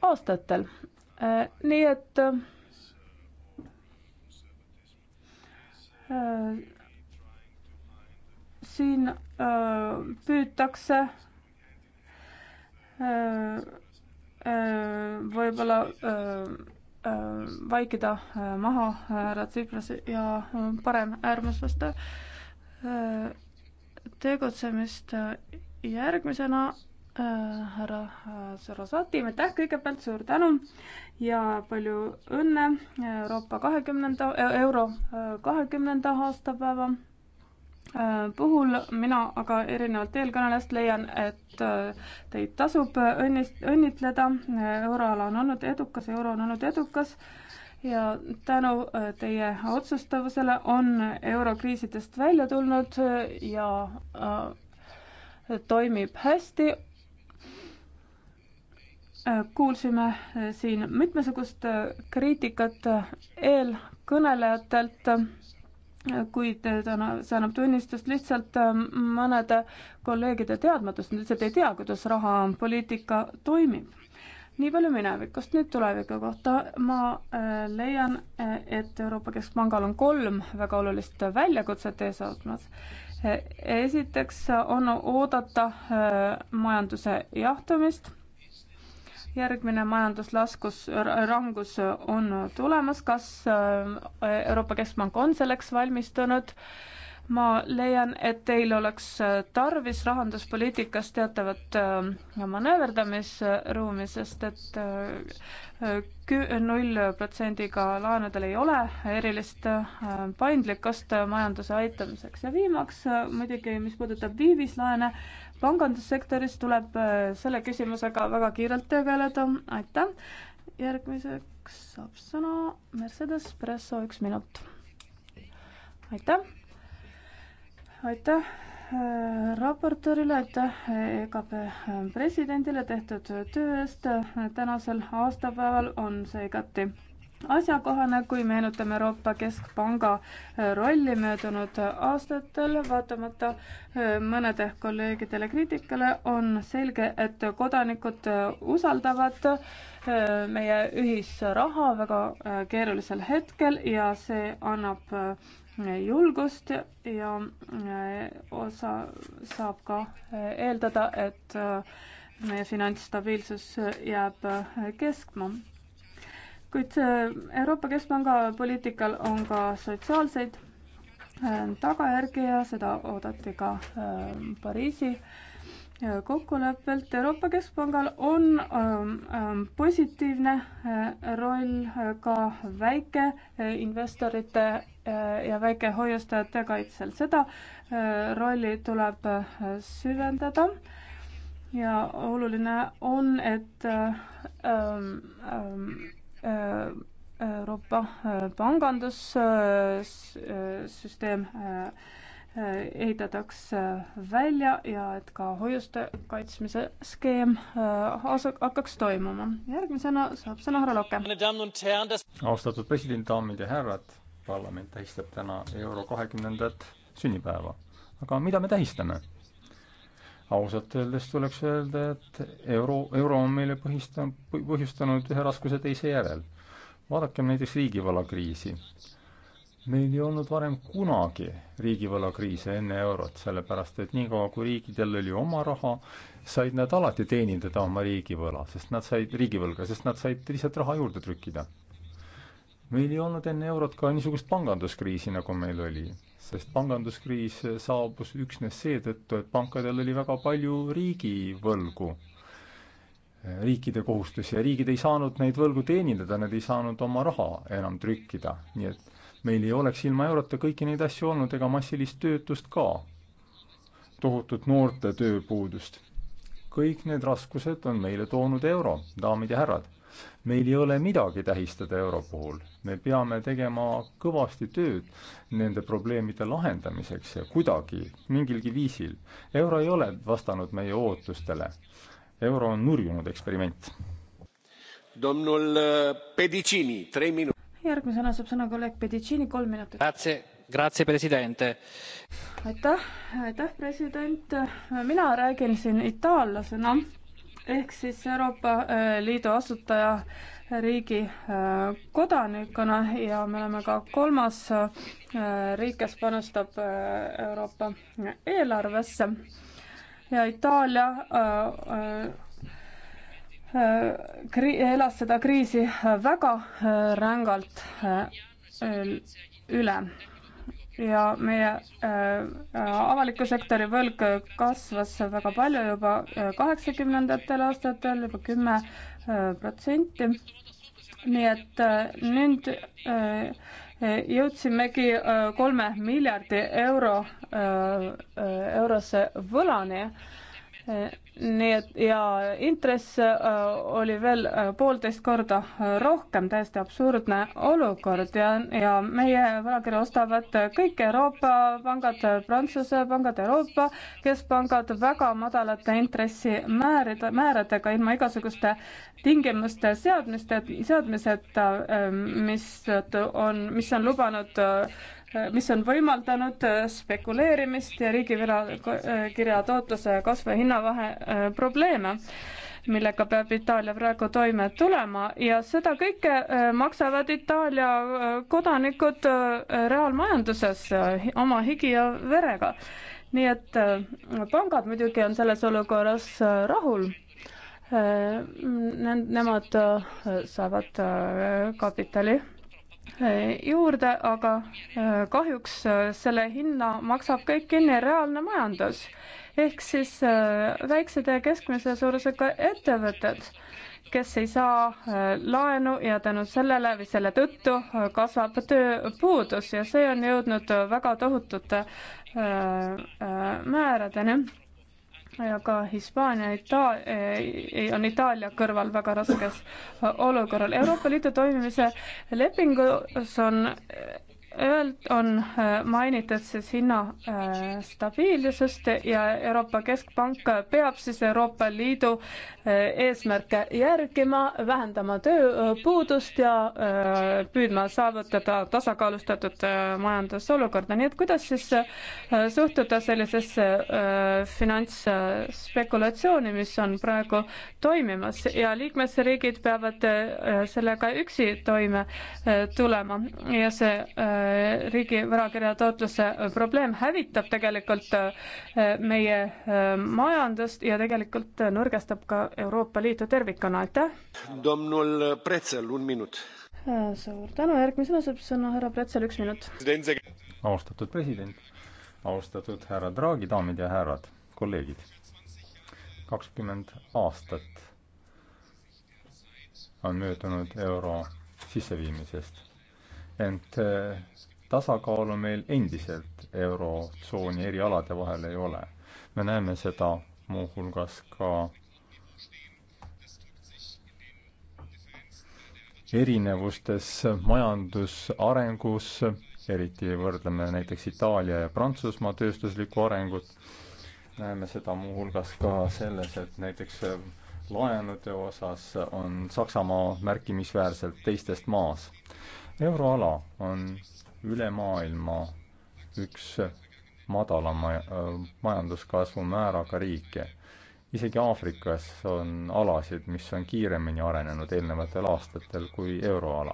aastatel. nii et siin püütakse Äh, äh, võib-olla äh, vaikida maha härra Tsipras ja parem äärmuslaste tegutsemist järgmisena härra Sorosati, aitäh kõigepealt, suur tänu ja palju õnne Euroopa kahekümnenda, euro kahekümnenda aastapäeva Äh, puhul mina aga erinevalt eelkõnelejast leian, et äh, teid tasub äh, õnnist-, õnnitleda, euroala on olnud edukas, euro on olnud edukas ja tänu teie otsustavusele on eurokriisidest välja tulnud ja toimib hästi. kuulsime siin mitmesugust kriitikat eelkõnelejatelt kuid täna, see annab tunnistust lihtsalt ähm, mõnede kolleegide teadmatust, nad lihtsalt ei tea, kuidas rahapoliitika toimib. nii palju minevikust, nüüd tuleviku kohta ma äh, leian, äh, et Euroopa Keskpangal on kolm väga olulist väljakutset ees ootamas äh, esiteks on oodata majanduse jahtumist järgmine majanduslaskus, rangus on tulemas, kas äh, Euroopa Keskpank on selleks valmistunud? ma leian, et teil oleks äh, tarvis rahanduspoliitikas teatavat äh, manööverdamisruumi, sest et null protsendiga laenudel ei ole erilist paindlikkust majanduse aitamiseks ja viimaks muidugi, mis puudutab viivislaene, pangandussektoris tuleb äh, selle küsimusega väga kiirelt tegeleda, aitäh. järgmiseks saab sõna Mercedes Presso, üks minut. aitäh, aitäh äh, raportöörile, aitäh äh, EKP presidendile tehtud töö eest. tänasel aastapäeval on see igati asjakohane, kui meenutame Euroopa Keskpanga äh, rolli möödunud äh, aastatel, vaatamata äh, mõnede kolleegidele kriitikale, on selge, et kodanikud usaldavad meie ühisraha väga keerulisel hetkel ja see annab julgust ja osa saab ka eeldada, et meie finantsstabiilsus jääb keskma kuid äh, Euroopa Keskpanga poliitikal on ka sotsiaalseid äh, tagajärgi ja seda oodati ka äh, Pariisi kokkuleppelt. Euroopa Keskpangal on ähm, ähm, positiivne roll ka väikeinvestorite ja väikehoiustajate kaitsel. seda rolli tuleb süvendada ja oluline on, et ähm, ähm, Euroopa äh, pangandussüsteem äh, ehitatakse välja ja et ka hoiuste kaitsmise skeem äh, hakkaks toimuma. järgmisena saab sõna härra Loke. austatud president, daamid ja härrad, parlament tähistab täna euro kahekümnendat sünnipäeva. aga mida me tähistame? ausalt öeldes tuleks öelda, et euro, euro on meile põhista-, põhjustanud ühe raskuse teise järel. vaadakem näiteks riigivõlakriisi. meil ei olnud varem kunagi riigivõlakriise enne eurot, sellepärast et niikaua, kui riikidel oli oma raha, said nad alati teenindada oma riigivõla, sest nad said, riigivõlga, sest nad said lihtsalt raha juurde trükkida meil ei olnud enne eurot ka niisugust panganduskriisi, nagu meil oli, sest panganduskriis saabus üksnes seetõttu, et pankadel oli väga palju riigivõlgu, riikide kohustusi ja riigid ei saanud neid võlgu teenindada, nad ei saanud oma raha enam trükkida, nii et meil ei oleks ilma eurota kõiki neid asju olnud ega massilist töötust ka, tohutut noorte tööpuudust. kõik need raskused on meile toonud euro, daamid ja härrad meil ei ole midagi tähistada euro puhul. me peame tegema kõvasti tööd nende probleemide lahendamiseks ja kuidagi, mingilgi viisil. euro ei ole vastanud meie ootustele. euro on nurjunud eksperiment. Domnul eh, Pedicini, tre minu-. järgmisena saab sõna kolleeg Pedicini, kolm minutit. Grazie, president. aitäh, aitäh, president. mina räägin siin itaallasena no ehk siis Euroopa äh, Liidu asutaja äh, riigi äh, kodanikuna ja me oleme ka kolmas riik, kes panustab Euroopa eelarvesse ja Itaalia kri-, elas seda kriisi väga rängalt üle ja meie äh, äh, avaliku sektori võlg kasvas väga palju juba äh, kaheksakümnendatel aastatel juba kümme protsenti. nii et nüüd jõudsimegi kolme miljardi euro, eurose võlani nii et ja intress äh, oli veel äh, poolteist korda äh, rohkem, täiesti absurdne olukord ja, ja meie võlakirja ostavad kõik Euroopa pangad, Prantsuse pangad, Euroopa keskpangad väga madalate intressimäärid, määradega ilma igasuguste tingimuste seadmiste, seadmiseta, mis on, mis on lubanud mis on võimaldanud äh, spekuleerimist ja riigivõla kirja tootluse kasvu ja hinnavahe äh, probleeme millega peab Itaalia praegu toime tulema ja seda kõike äh, maksavad Itaalia kodanikud reaalmajanduses oma higi ja verega. nii et pangad muidugi on selles olukorras rahul. Nemad saavad kapitali Eh, juurde, aga eh, kahjuks eh, selle hinna maksab kõik kinni reaalne majandus ehk siis väiksed ja keskmise suurusega ettevõtted, kes ei saa laenu ja tänu sellele või selle tõttu kasvab tööpuudus ja see on jõudnud väga tohutute määradeni aga Hispaania Ita- eh, on Itaalia kõrval väga raskes olukorral. Euroopa Liidu toimimise lepingus on Öeld on äh, mainitud siis hinna äh, stabiilsust ja Euroopa Keskpank peab siis Euroopa Liidu äh, eesmärke järgima, vähendama tööpuudust ja püüdma saavutada tasakaalustatud majandusolukorda, nii et kuidas siis suhtuda sellisesse finantsspekulatsiooni, mis on praegu toimimas ja liikmesriigid peavad sellega üksi toime tulema ja see riigi võlakirja taotluse probleem hävitab tegelikult äh, meie äh, majandust ja tegelikult nõrgestab ka Euroopa Liitu tervikuna, aitäh! Domnul Pretzel, un minut. Äh, suur tänu, järgmisena saab sõna härra Pretzel, üks minut. austatud president, austatud härra Draghi, daamid ja härrad, kolleegid. kakskümmend aastat on möödunud euro sisseviimisest ent eh, tasakaalu meil endiselt eurotsooni eri alade vahel ei ole. me näeme seda muuhulgas ka erinevustes majandusarengus, eriti võrdleme näiteks Itaalia ja Prantsusmaa tööstuslikku arengut, näeme seda muuhulgas ka selles, et näiteks eh, laenude osas on Saksamaa märkimisväärselt teistest maas euroala on üle maailma üks madalama äh, majanduskasvu määraga riike. isegi Aafrikas on alasid, mis on kiiremini arenenud eelnevatel aastatel kui euroala.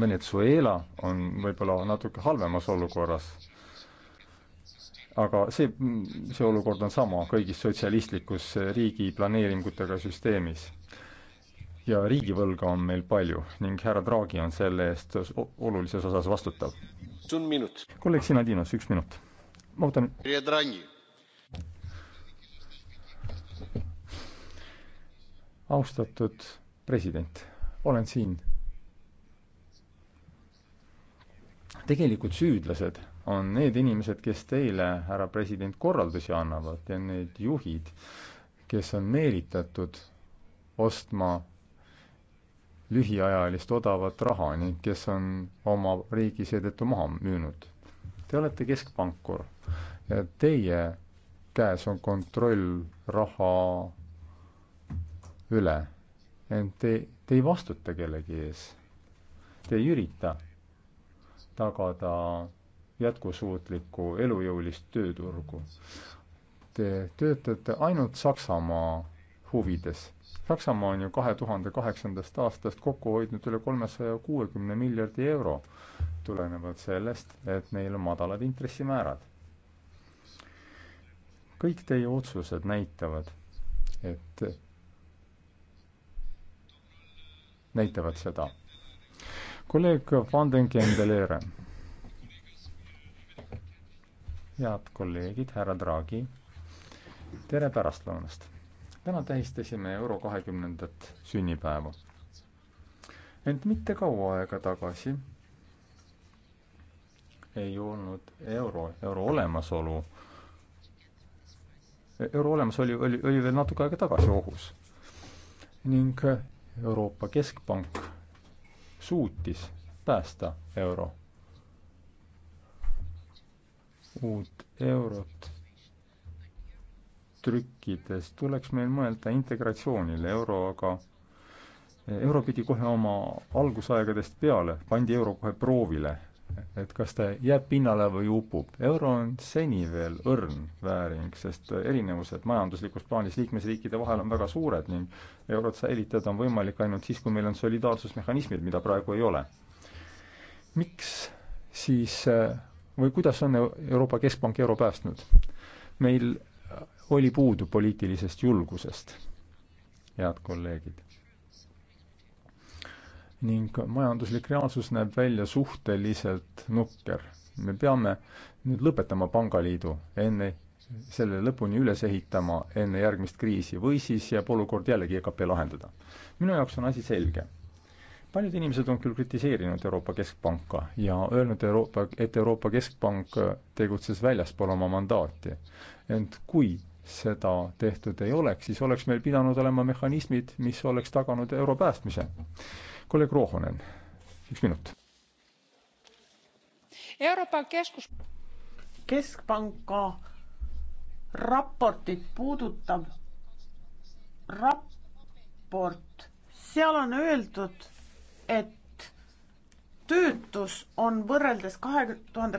Venezuela on võib-olla natuke halvemas olukorras, aga see, see olukord on sama kõigis sotsialistlikus riigi planeeringutega süsteemis ja riigivõlga on meil palju ning härra Draghi on selle eest olulises osas vastutav. kolleeg Sinadinos, üks minut. ma võtan. austatud president, olen siin. tegelikult süüdlased on need inimesed, kes teile, härra president, korraldusi annavad ja need juhid, kes on meelitatud ostma lühiajalist odavat raha ning kes on oma riigi seetõttu maha müünud. Te olete keskpankur ja teie käes on kontroll raha üle, ent te, te ei vastuta kellegi ees. Te ei ürita tagada jätkusuutlikku elujõulist tööturgu. Te töötate ainult Saksamaa huvides. Saksamaa on ju kahe tuhande kaheksandast aastast kokku hoidnud üle kolmesaja kuuekümne miljardi euro, tulenevalt sellest, et neil on madalad intressimäärad. kõik teie otsused näitavad, et, näitavad seda. kolleeg Van den Kendelere. head kolleegid, härra Draghi, tere pärastlõunast täna tähistasime Euro kahekümnendat sünnipäeva. ent mitte kaua aega tagasi ei olnud euro, euro olemasolu, e-, euro olemas oli, oli, oli veel natuke aega tagasi ohus. ning Euroopa Keskpank suutis päästa euro. uut eurot trükkides, tuleks meil mõelda integratsioonile euroga. euro pidi kohe oma algusaegadest peale, pandi euro kohe proovile, et kas ta jääb pinnale või upub. euro on seni veel õrn vääring, sest erinevused majanduslikus plaanis liikmesriikide vahel on väga suured ning eurot säilitada on võimalik ainult siis, kui meil on solidaarsusmehhanismid, mida praegu ei ole. miks siis või kuidas on Euroopa Keskpank euro päästnud? meil oli puudu poliitilisest julgusest, head kolleegid. ning majanduslik reaalsus näeb välja suhteliselt nukker. me peame nüüd lõpetama pangaliidu enne selle lõpuni üles ehitama enne järgmist kriisi või siis jääb olukord jällegi EKP lahendada. minu jaoks on asi selge. paljud inimesed on küll kritiseerinud Euroopa Keskpanka ja öelnud Euroopa, et Euroopa Keskpank tegutses väljaspool oma mandaati. ent kui seda tehtud ei oleks, siis oleks meil pidanud olema mehhanismid, mis oleks taganud euro päästmise. kolleeg Rohonen, üks minut. Euroopa Keskus. keskpanga raportit puudutav raport, seal on öeldud, et töötus on võrreldes kahe tuhande